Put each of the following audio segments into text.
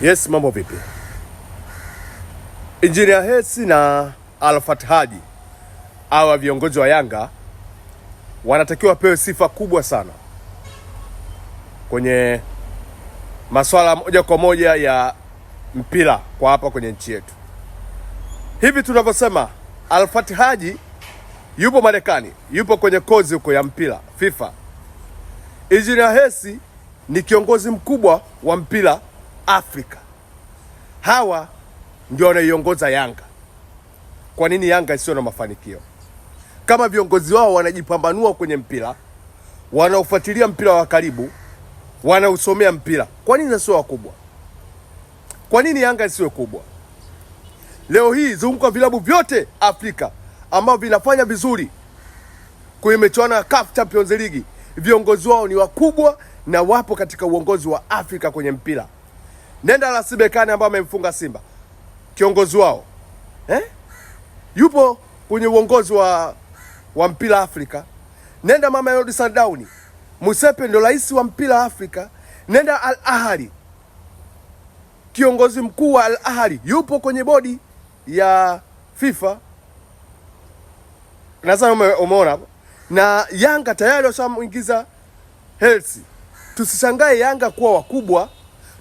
Yes, mambo vipi? Injinia Hersi na Arafat Haji hawa viongozi wa Yanga wanatakiwa wapewe sifa kubwa sana kwenye masuala moja kwa moja ya mpira kwa hapa kwenye nchi yetu. Hivi tunavyosema, Arafat Haji yupo Marekani, yupo kwenye kozi huko ya mpira FIFA. Injinia Hersi ni kiongozi mkubwa wa mpira Afrika. Hawa ndio wanaiongoza Yanga. Kwa nini Yanga isiyo na mafanikio? Kama viongozi wao wanajipambanua kwenye mpira, wanaofuatilia mpira wa karibu, wanausomea mpira, kwa nini sio wakubwa? Kwa nini Yanga isiwe kubwa? Leo hii zunguka vilabu vyote Afrika ambao vinafanya vizuri kwenye michuano ya CAF Champions League, viongozi wao ni wakubwa na wapo katika uongozi wa Afrika kwenye mpira. Nenda la Sibekani ambaye amemfunga Simba kiongozi wao eh? yupo kwenye uongozi wa, wa mpira Afrika. Nenda Yodi Sundowns, Musepe ndo rais wa mpira Afrika. Nenda Al Ahly, kiongozi mkuu wa Al Ahly yupo kwenye bodi ya FIFA, nadhani umeona. Na Yanga tayari washamwingiza Hersi. Tusishangae Yanga kuwa wakubwa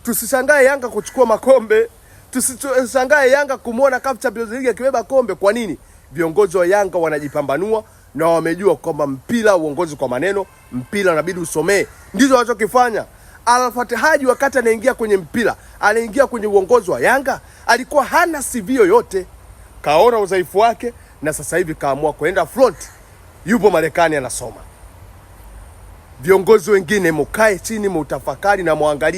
Tusishangae Yanga kuchukua makombe, tusishangae Yanga kumwona CAF Champions League akibeba kombe. Kwa nini? Viongozi wa Yanga wanajipambanua na wamejua kwamba mpira uongozi kwa maneno, mpira unabidi usomee. Ndizo wanachokifanya. Alfred Haji wakati anaingia kwenye mpira, anaingia kwenye uongozi wa Yanga, alikuwa hana CV yoyote, kaona udhaifu wake na sasa hivi kaamua kuenda front, yupo Marekani anasoma. Viongozi wengine mukae chini, mutafakari na mwangalie.